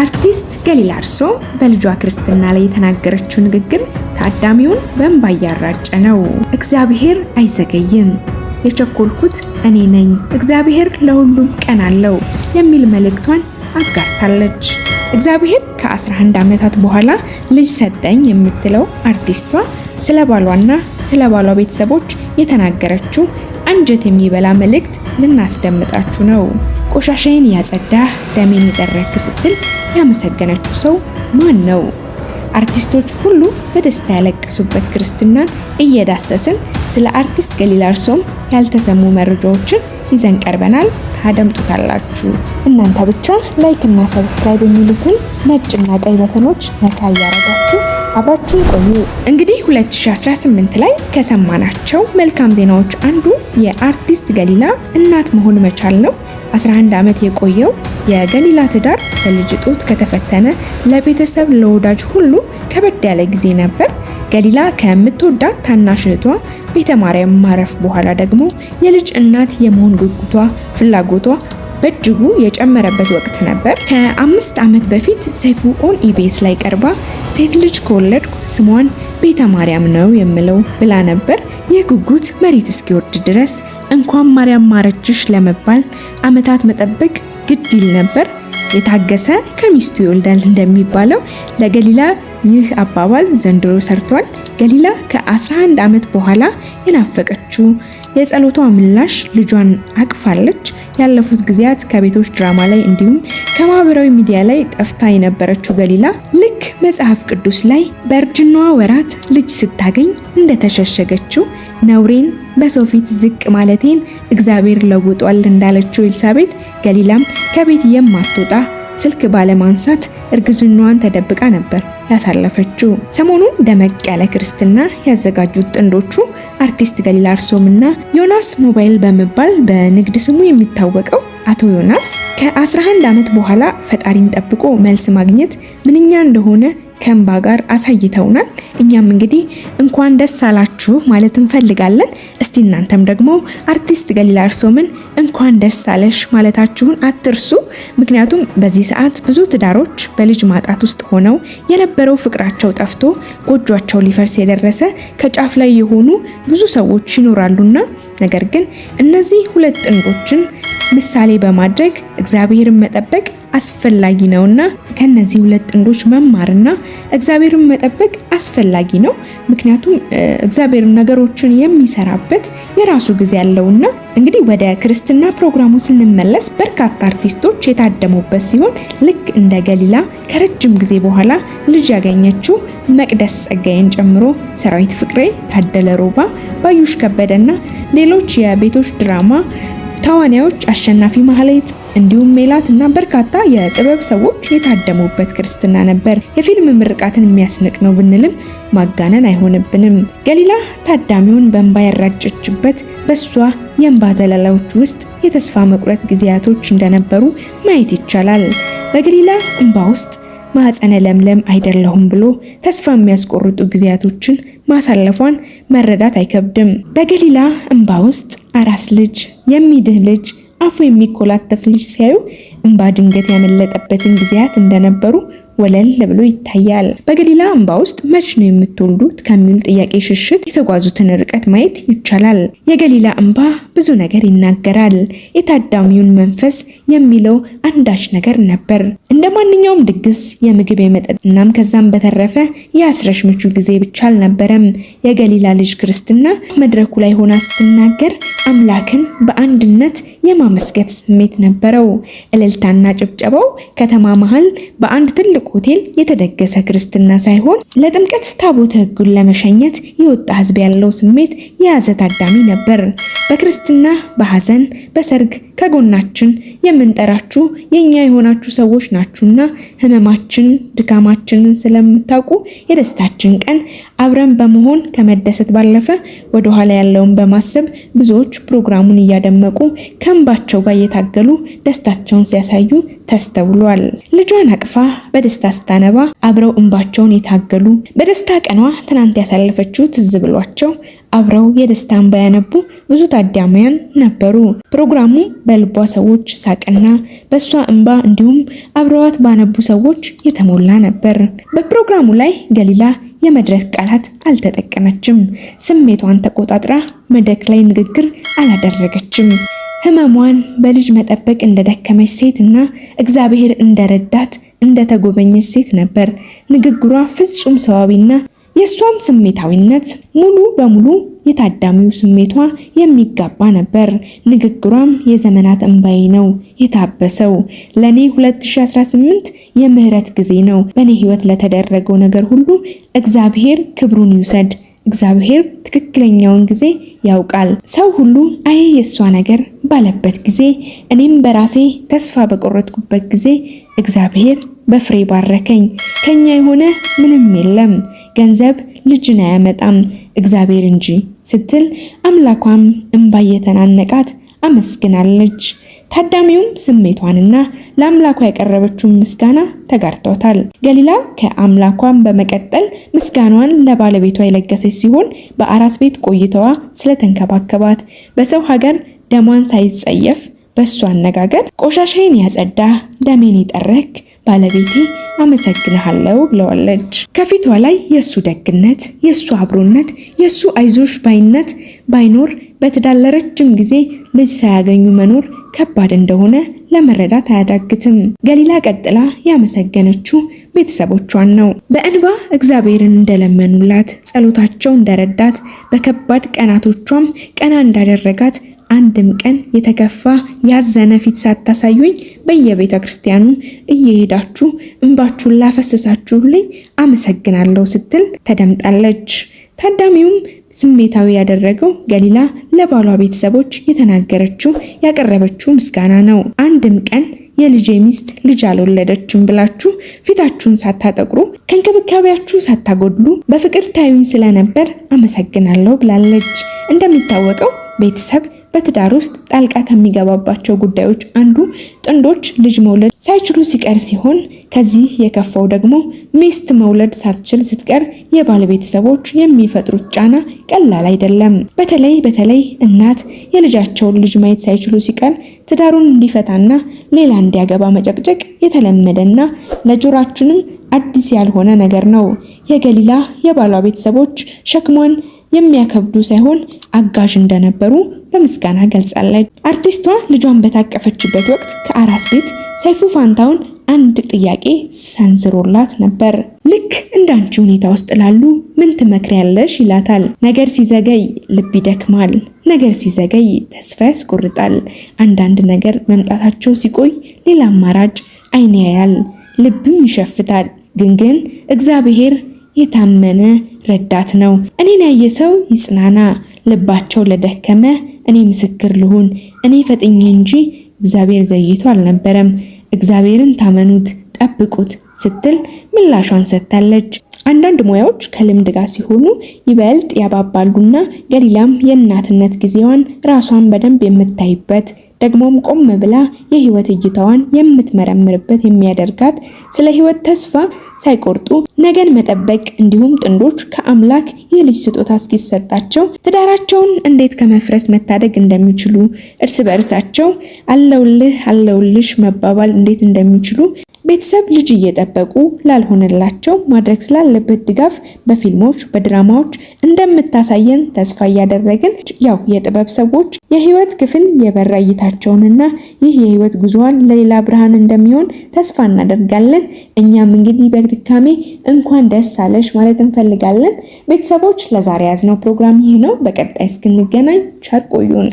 አርቲስት ገሊላ አርሶ በልጇ ክርስትና ላይ የተናገረችው ንግግር ታዳሚውን በእንባ እያራጨ ነው። እግዚአብሔር አይዘገይም፣ የቸኮልኩት እኔ ነኝ፣ እግዚአብሔር ለሁሉም ቀን አለው የሚል መልእክቷን አጋርታለች። እግዚአብሔር ከ11 ዓመታት በኋላ ልጅ ሰጠኝ የምትለው አርቲስቷ ስለ ባሏና ስለ ባሏ ቤተሰቦች የተናገረችው አንጀት የሚበላ መልእክት ልናስደምጣችሁ ነው። ቆሻሻዬን ያጸዳህ ደሜን የጠረክ ስትል ያመሰገነችው ሰው ማን ነው? አርቲስቶች ሁሉ በደስታ ያለቀሱበት ክርስትናን እየዳሰስን ስለ አርቲስት ገሊላ እርሶም ያልተሰሙ መረጃዎችን ይዘን ቀርበናል። ታደምጡታላችሁ። እናንተ ብቻ ላይክ እና ሰብስክራይብ የሚሉትን ነጭና ቀይ በተኖች ነካ እያረጋችሁ አብራችሁን ቆዩ። እንግዲህ 2018 ላይ ከሰማናቸው መልካም ዜናዎች አንዱ የአርቲስት ገሊላ እናት መሆን መቻል ነው። 11 ዓመት የቆየው የገሊላ ትዳር በልጅ ጡት ከተፈተነ ለቤተሰብ ለወዳጅ ሁሉ ከበድ ያለ ጊዜ ነበር። ገሊላ ከምትወዳት ታናሽ እህቷ ቤተ ማርያም ማረፍ በኋላ ደግሞ የልጅ እናት የመሆን ጉጉቷ፣ ፍላጎቷ በእጅጉ የጨመረበት ወቅት ነበር። ከአምስት ዓመት በፊት ሰይፉ ኦን ኢቢኤስ ላይ ቀርባ ሴት ልጅ ከወለድኩ ስሟን ቤተ ማርያም ነው የምለው ብላ ነበር። ይህ ጉጉት መሬት እስኪወርድ ድረስ እንኳን ማርያም ማረችሽ ለመባል አመታት መጠበቅ ግድ ይል ነበር። የታገሰ ከሚስቱ ይወልዳል እንደሚባለው ለገሊላ ይህ አባባል ዘንድሮ ሰርቷል። ገሊላ ከ11 ዓመት በኋላ የናፈቀችው የጸሎቷ ምላሽ ልጇን አቅፋለች። ያለፉት ጊዜያት ከቤቶች ድራማ ላይ እንዲሁም ከማህበራዊ ሚዲያ ላይ ጠፍታ የነበረችው ገሊላ ልክ መጽሐፍ ቅዱስ ላይ በእርጅናዋ ወራት ልጅ ስታገኝ እንደተሸሸገችው ነውሬን በሰው ፊት ዝቅ ማለቴን እግዚአብሔር ለውጧል እንዳለችው ኤልሳቤት ገሊላም ከቤት የማትወጣ ስልክ ባለማንሳት እርግዝናዋን ተደብቃ ነበር ያሳለፈችው። ሰሞኑን ደመቅ ያለ ክርስትና ያዘጋጁት ጥንዶቹ አርቲስት ገሊላ እና ዮናስ ሞባይል በመባል በንግድ ስሙ የሚታወቀው አቶ ዮናስ ከ11 ዓመት በኋላ ፈጣሪን ጠብቆ መልስ ማግኘት ምንኛ እንደሆነ ከእንባ ጋር አሳይተውናል። እኛም እንግዲህ እንኳን ደስ አላችሁ ማለት እንፈልጋለን። እስቲ እናንተም ደግሞ አርቲስት ገሊላ እርሶምን እንኳን ደስ አለሽ ማለታችሁን አትርሱ። ምክንያቱም በዚህ ሰዓት ብዙ ትዳሮች በልጅ ማጣት ውስጥ ሆነው የነበረው ፍቅራቸው ጠፍቶ ጎጇቸው ሊፈርስ የደረሰ ከጫፍ ላይ የሆኑ ብዙ ሰዎች ይኖራሉና ነገር ግን እነዚህ ሁለት ጥንዶችን ምሳሌ በማድረግ እግዚአብሔርን መጠበቅ አስፈላጊ ነውና ከነዚህ ሁለት ጥንዶች መማርና እግዚአብሔርን መጠበቅ አስፈላጊ ነው። ምክንያቱም እግዚአብሔር ነገሮችን የሚሰራበት የራሱ ጊዜ ያለውና እንግዲህ ወደ ክርስትና ፕሮግራሙ ስንመለስ በርካታ አርቲስቶች የታደሙበት ሲሆን ልክ እንደ ገሊላ ከረጅም ጊዜ በኋላ ልጅ ያገኘችው መቅደስ ጸጋዬን ጨምሮ ሰራዊት ፍቅሬ፣ ታደለ ሮባ፣ ባዩሽ ከበደና ሌሎች የቤቶች ድራማ ተዋናዮች አሸናፊ ማህሌት እንዲሁም ሜላት እና በርካታ የጥበብ ሰዎች የታደሙበት ክርስትና ነበር። የፊልም ምርቃትን የሚያስንቅ ነው ብንልም ማጋነን አይሆንብንም። ገሊላ ታዳሚውን በእንባ ያራጨችበት፣ በእሷ የእንባ ዘለላዎች ውስጥ የተስፋ መቁረጥ ጊዜያቶች እንደነበሩ ማየት ይቻላል። በገሊላ እንባ ውስጥ ማዕፀነ ለምለም አይደለሁም ብሎ ተስፋ የሚያስቆርጡ ጊዜያቶችን ማሳለፏን መረዳት አይከብድም። በገሊላ እንባ ውስጥ አራስ ልጅ፣ የሚድህ ልጅ፣ አፉ የሚኮላተፍ ልጅ ሲያዩ እንባ ድንገት ያመለጠበትን ጊዜያት እንደነበሩ ወለል ብሎ ይታያል። በገሊላ አምባ ውስጥ መች ነው የምትወልዱት ከሚል ጥያቄ ሽሽት የተጓዙትን ርቀት ማየት ይቻላል። የገሊላ አምባ ብዙ ነገር ይናገራል። የታዳሚውን መንፈስ የሚለው አንዳች ነገር ነበር። እንደ ማንኛውም ድግስ የምግብ የመጠጥ እናም ከዛም በተረፈ የአስረሽ ምቹ ጊዜ ብቻ አልነበረም። የገሊላ ልጅ ክርስትና መድረኩ ላይ ሆና ስትናገር አምላክን በአንድነት የማመስገት ስሜት ነበረው። እልልታና ጭብጨባው ከተማ መሃል በአንድ ትልቁ ሆቴል የተደገሰ ክርስትና ሳይሆን ለጥምቀት ታቦተ ሕጉን ለመሸኘት የወጣ ሕዝብ ያለው ስሜት የያዘ ታዳሚ ነበር። በክርስትና፣ በሐዘን፣ በሰርግ ከጎናችን የምንጠራችሁ የኛ የሆናችሁ ሰዎች ናችሁና ህመማችንን፣ ድካማችንን ስለምታውቁ የደስታችን ቀን አብረን በመሆን ከመደሰት ባለፈ ወደኋላ ያለውን በማሰብ ብዙዎች ፕሮግራሙን እያደመቁ ከእንባቸው ጋር እየታገሉ ደስታቸውን ሲያሳዩ ተስተውሏል። ልጇን አቅፋ በደስታ ስታነባ አብረው እንባቸውን የታገሉ በደስታ ቀኗ ትናንት ያሳለፈችው ትዝ ብሏቸው አብረው የደስታን ባያነቡ ብዙ ታዳሚያን ነበሩ። ፕሮግራሙ በልቧ ሰዎች ሳቅና በእሷ እንባ እንዲሁም አብረዋት ባነቡ ሰዎች የተሞላ ነበር። በፕሮግራሙ ላይ ገሊላ የመድረክ ቃላት አልተጠቀመችም። ስሜቷን ተቆጣጥራ መድረክ ላይ ንግግር አላደረገችም። ህመሟን በልጅ መጠበቅ እንደደከመች ሴት እና እግዚአብሔር እንደረዳት እንደተጎበኘች ሴት ነበር። ንግግሯ ፍጹም ሰዋቢና የእሷም ስሜታዊነት ሙሉ በሙሉ የታዳሚው ስሜቷ የሚጋባ ነበር። ንግግሯም የዘመናት እንባዬ ነው የታበሰው። ለኔ 2018 የምህረት ጊዜ ነው። በእኔ ህይወት ለተደረገው ነገር ሁሉ እግዚአብሔር ክብሩን ይውሰድ። እግዚአብሔር ትክክለኛውን ጊዜ ያውቃል። ሰው ሁሉ አይ የእሷ ነገር ባለበት ጊዜ፣ እኔም በራሴ ተስፋ በቆረጥኩበት ጊዜ እግዚአብሔር በፍሬ ባረከኝ። ከኛ የሆነ ምንም የለም፣ ገንዘብ ልጅን አያመጣም እግዚአብሔር እንጂ ስትል አምላኳም እምባ አመስግናለች። ታዳሚውም ስሜቷንና ለአምላኳ ያቀረበችውን ምስጋና ተጋርተውታል። ገሊላ ከአምላኳን በመቀጠል ምስጋናዋን ለባለቤቷ የለገሰች ሲሆን በአራስ ቤት ቆይታዋ ስለተንከባከባት በሰው ሀገር ደሟን ሳይጸየፍ በእሱ አነጋገር ቆሻሻዬን ያጸዳ፣ ደሜን ይጠረክ ባለቤቴ አመሰግንሃለሁ ብለዋለች። ከፊቷ ላይ የእሱ ደግነት፣ የእሱ አብሮነት፣ የእሱ አይዞሽ ባይነት ባይኖር በትዳር ለረጅም ጊዜ ልጅ ሳያገኙ መኖር ከባድ እንደሆነ ለመረዳት አያዳግትም። ገሊላ ቀጥላ ያመሰገነችው ቤተሰቦቿን ነው። በእንባ እግዚአብሔርን እንደለመኑላት፣ ጸሎታቸው እንደረዳት፣ በከባድ ቀናቶቿም ቀና እንዳደረጋት አንድም ቀን የተከፋ ያዘነ ፊት ሳታሳዩኝ በየቤተ ክርስቲያኑ እየሄዳችሁ እንባችሁን ላፈሰሳችሁልኝ አመሰግናለሁ ስትል ተደምጣለች። ታዳሚውም ስሜታዊ ያደረገው ገሊላ ለባሏ ቤተሰቦች የተናገረችው ያቀረበችው ምስጋና ነው። አንድም ቀን የልጄ ሚስት ልጅ አልወለደችም ብላችሁ ፊታችሁን ሳታጠቁሩ ከእንክብካቤያችሁ ሳታጎድሉ በፍቅር ታዩኝ ስለነበር አመሰግናለሁ ብላለች። እንደሚታወቀው ቤተሰብ በትዳር ውስጥ ጣልቃ ከሚገባባቸው ጉዳዮች አንዱ ጥንዶች ልጅ መውለድ ሳይችሉ ሲቀር ሲሆን ከዚህ የከፋው ደግሞ ሚስት መውለድ ሳትችል ስትቀር የባል ቤተሰቦች የሚፈጥሩት ጫና ቀላል አይደለም። በተለይ በተለይ እናት የልጃቸውን ልጅ ማየት ሳይችሉ ሲቀር ትዳሩን እንዲፈታና ሌላ እንዲያገባ መጨቅጨቅ የተለመደና ለጆሯችንም አዲስ ያልሆነ ነገር ነው። የገሊላ የባሏ ቤተሰቦች ሸክሟን የሚያከብዱ ሳይሆን አጋዥ እንደነበሩ በምስጋና ገልጻለች። አርቲስቷ ልጇን በታቀፈችበት ወቅት ከአራስ ቤት ሰይፉ ፋንታውን አንድ ጥያቄ ሰንዝሮላት ነበር። ልክ እንዳንቺ ሁኔታ ውስጥ ላሉ ምን ትመክሪያለሽ ይላታል። ነገር ሲዘገይ ልብ ይደክማል፣ ነገር ሲዘገይ ተስፋ ያስቆርጣል። አንዳንድ ነገር መምጣታቸው ሲቆይ ሌላ አማራጭ አይን ያያል፣ ልብም ይሸፍታል። ግን ግን እግዚአብሔር የታመነ ረዳት ነው። እኔን ያየ ሰው ይጽናና፣ ልባቸው ለደከመ እኔ ምስክር ልሁን፣ እኔ ፈጥኜ እንጂ እግዚአብሔር ዘይቶ አልነበረም፣ እግዚአብሔርን ታመኑት ጠብቁት ስትል ምላሿን ሰጥታለች። አንዳንድ ሙያዎች ከልምድ ጋር ሲሆኑ ይበልጥ ያባባሉና ገሊላም የእናትነት ጊዜዋን ራሷን በደንብ የምታይበት ደግሞም ቆም ብላ የህይወት እይታዋን የምትመረምርበት የሚያደርጋት ስለ ህይወት ተስፋ ሳይቆርጡ ነገን መጠበቅ እንዲሁም ጥንዶች ከአምላክ የልጅ ስጦታ እስኪሰጣቸው ትዳራቸውን እንዴት ከመፍረስ መታደግ እንደሚችሉ እርስ በእርሳቸው አለውልህ አለውልሽ መባባል እንዴት እንደሚችሉ ቤተሰብ ልጅ እየጠበቁ ላልሆነላቸው ማድረግ ስላለበት ድጋፍ በፊልሞች በድራማዎች እንደምታሳየን ተስፋ እያደረግን ያው የጥበብ ሰዎች የህይወት ክፍል የበራ እይታቸውንና ይህ የህይወት ጉዞዋን ለሌላ ብርሃን እንደሚሆን ተስፋ እናደርጋለን። እኛም እንግዲህ በድካሜ እንኳን ደስ አለሽ ማለት እንፈልጋለን። ቤተሰቦች ለዛሬ ያዝነው ፕሮግራም ይህ ነው። በቀጣይ እስክንገናኝ ቸር ቆዩን።